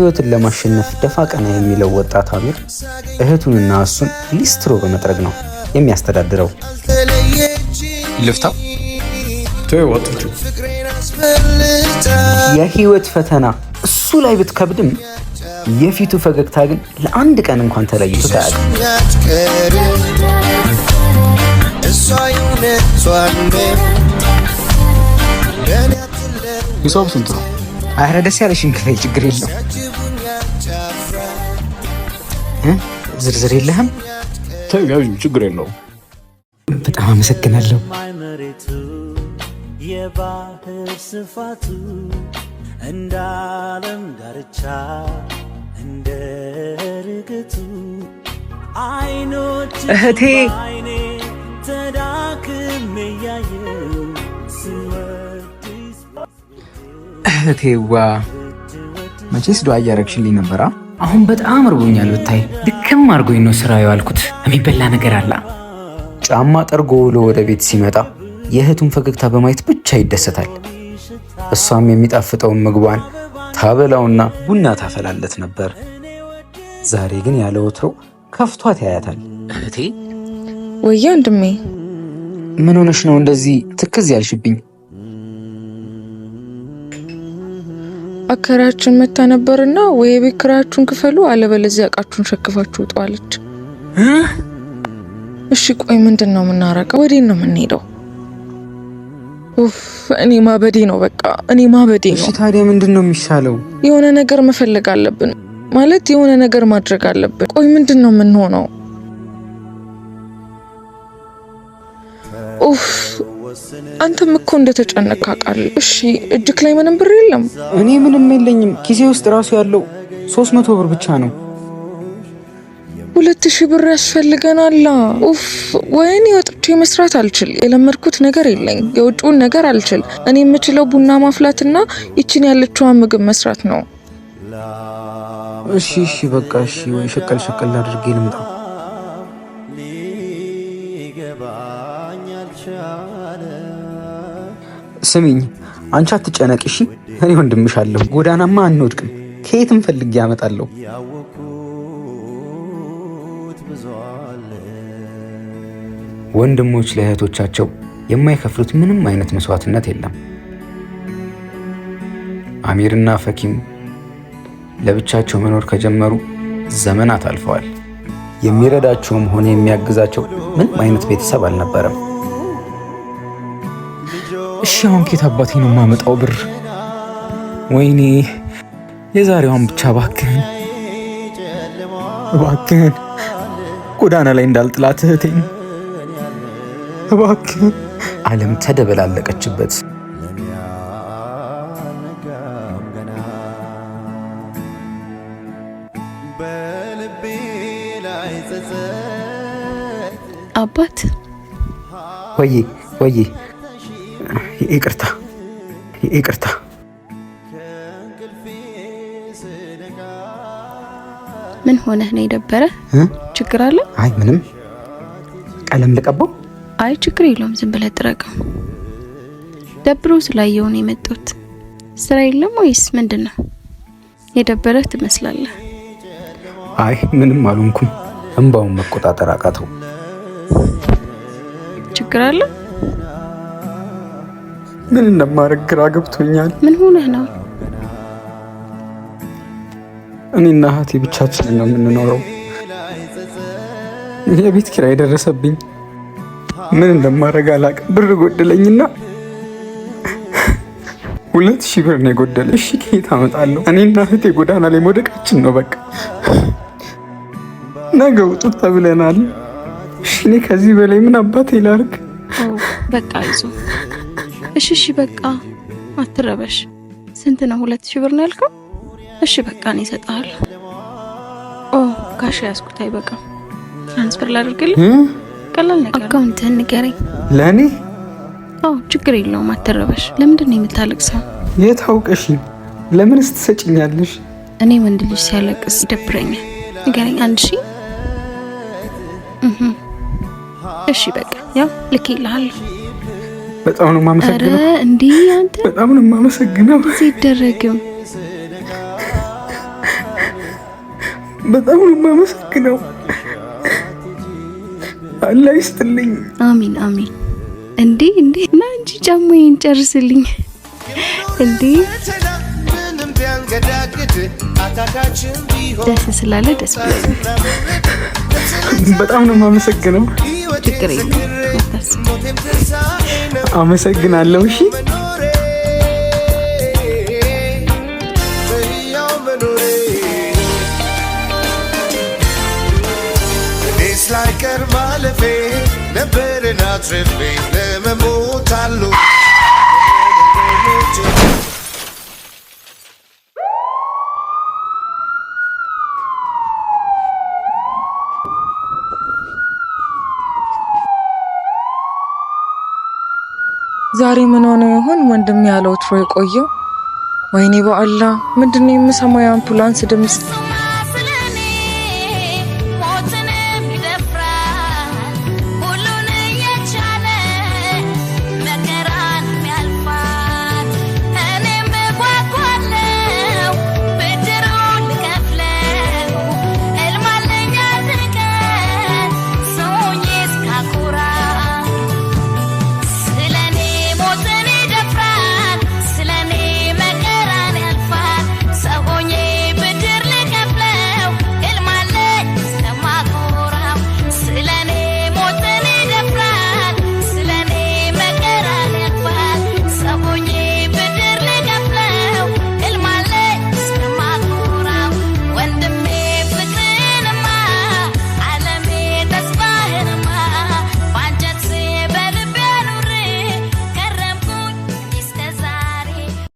ህይወትን ለማሸነፍ ደፋ ቀና የሚለው ወጣት አሚር እህቱንና እሱን ሊስትሮ በመጥረግ ነው የሚያስተዳድረው። ልፍታ የህይወት ፈተና እሱ ላይ ብትከብድም የፊቱ ፈገግታ ግን ለአንድ ቀን እንኳን ተለይቶ ታያል። ሂሳብ ስንት ነው? አረ ደስ ያለሽን ክፈይ፣ ችግር የለው ዝርዝር የለህም? ተያዩ ችግር የለው። በጣም አመሰግናለሁ። መሬቱ የባህር ስፋቱ እንደ ዓለም ዳርቻ እንደ ርግቱ አይኖች እህቴ ተዳክም ያየው እህቴዋ መቼስ ዱዓ እያረግሽልኝ ነበራ አሁን በጣም እርቦኛል ብታይ። ድክም አድርጎኝ ነው ስራ የዋልኩት። የሚበላ ነገር አለ? ጫማ ጠርጎ ውሎ ወደ ቤት ሲመጣ የእህቱን ፈገግታ በማየት ብቻ ይደሰታል። እሷም የሚጣፍጠውን ምግቧን ታበላውና ቡና ታፈላለት ነበር። ዛሬ ግን ያለ ወትሮ ከፍቷት ያያታል። እህቴ! ወየ ወንድሜ! ምን ሆነሽ ነው እንደዚህ ትክዝ ያልሽብኝ? አከራያችን መታ ነበርና ወይ ቤት ኪራያችሁን ክፈሉ አለበለዚያ እቃችሁን ሸክፋችሁ ውጡ አለች። እሺ ቆይ ምንድን ነው የምናረገው? ወዴት ነው የምንሄደው? ኡፍ እኔ ማበዴ ነው በቃ እኔ ማበዴ ነው። ታዲያ ምንድን ነው የሚሻለው? የሆነ ነገር መፈለግ አለብን ማለት የሆነ ነገር ማድረግ አለብን። ቆይ ምንድን ነው የምንሆነው? ኡፍ አንተም እኮ እንደተጨነቅ አውቃለሁ። እሺ እጅክ ላይ ምንም ብር የለም? እኔ ምንም የለኝም። ኪሴ ውስጥ ራሱ ያለው ሶስት መቶ ብር ብቻ ነው። ሁለት ሺህ ብር ያስፈልገናል። ኡፍ ወይኔ ወጥቼ መስራት አልችል። የለመድኩት ነገር የለኝ። የውጭውን ነገር አልችል። እኔ የምችለው ቡና ማፍላትና ይችን ያለችዋን ምግብ መስራት ነው። እሺ እሺ፣ በቃ እሺ። ወይ ሸቀል ሸቀል አድርጌ ልምጣ ስሚኝ አንቺ አትጨነቅ እሺ፣ እኔ ወንድምሽ አለሁ። ጎዳናማ አንወድቅም፣ ከየትም ፈልጌ ያመጣለሁ። ወንድሞች ለእህቶቻቸው የማይከፍሉት ምንም አይነት መስዋዕትነት የለም። አሚርና ፈኪም ለብቻቸው መኖር ከጀመሩ ዘመናት አልፈዋል። የሚረዳቸውም ሆነ የሚያግዛቸው ምንም አይነት ቤተሰብ አልነበረም። እሺ አሁን ኬት አባቴ ነው የማመጣው ብር? ወይኔ የዛሬዋን ብቻ እባክህን፣ እባክህን ጎዳና ላይ እንዳልጥላት እህቴን እባክህን። ዓለም ተደበላለቀችበት። አባት ወይዬ ወይዬ ይቅርታ ይቅርታ ምን ሆነህ ነው የደበረ? ችግር አለ? አይ ምንም። ቀለም ልቀባው? አይ ችግር የለውም። ዝም ብለህ ጥረቀው። ደብሮ ስላየው ነው የመጣሁት። ስራ የለም ወይስ ምንድን ነው? የደበረህ ትመስላለህ። አይ ምንም አልሆንኩም። እንባውን መቆጣጠር አቃተው። ችግር አለ? ምን እንደማደርግ ግራ ገብቶኛል። ምን ሆነህ ነው? እኔና እህቴ ብቻችንን ነው የምንኖረው። የቤት ኪራይ ደረሰብኝ። ምን እንደማደርግ አላውቅም። ብር ጎደለኝና ሁለት ሺህ ብር ነው የጎደለ። እሺ ከየት አመጣለሁ? እኔና እህቴ ጎዳና ላይ መውደቃችን ነው በቃ። ነገ ውጡ ተብለናል። እሺ እኔ ከዚህ በላይ ምን አባቴ ላርግ? በቃ እሺ እሺ፣ በቃ አትረበሽ። ስንት ነው? ሁለት ሺህ ብር ነው ያልከው? እሺ በቃ እኔ እሰጥሃለሁ። ኦ ጋሽ ያዝኩት አይበቃም፣ ትራንስፈር ላድርግልህ። ቀላል ነገር። አካውንትህን ንገረኝ። ለእኔ? አዎ ችግር የለውም አትረበሽ። ለምንድን ነው የምታለቅሰው? የት አውቀሽ? ለምን ትሰጭኛለሽ? እኔ ወንድ ልጅ ሲያለቅስ ይደብረኛል። ንገረኝ። አንድ ሺህ እሺ በቃ ያው ልኬልሃለሁ በጣም ነው የማመሰግነው። እንዲህ አንተ በጣም ነው የማመሰግነው። ሲደረግም በጣም ነው የማመሰግነው። አላህ ይስጥልኝ። አሚን አሚን። እንዴ እንዴ፣ ና እንጂ ጫማዬን ጨርስልኝ እንዴ ደስ ስላለ ደስ በጣም ነው የማመሰግነው። ችግር አመሰግናለሁ። እሺ ላይቀር ማለፌ ነበርና ትርፌ ለመሞት አሉ ዛሬ ምን ሆነ ይሆን ወንድም ያለው ትሮ የቆየው? ወይኔ በአላህ ምንድነው የምሰማው የአምፑላንስ ድምፅ?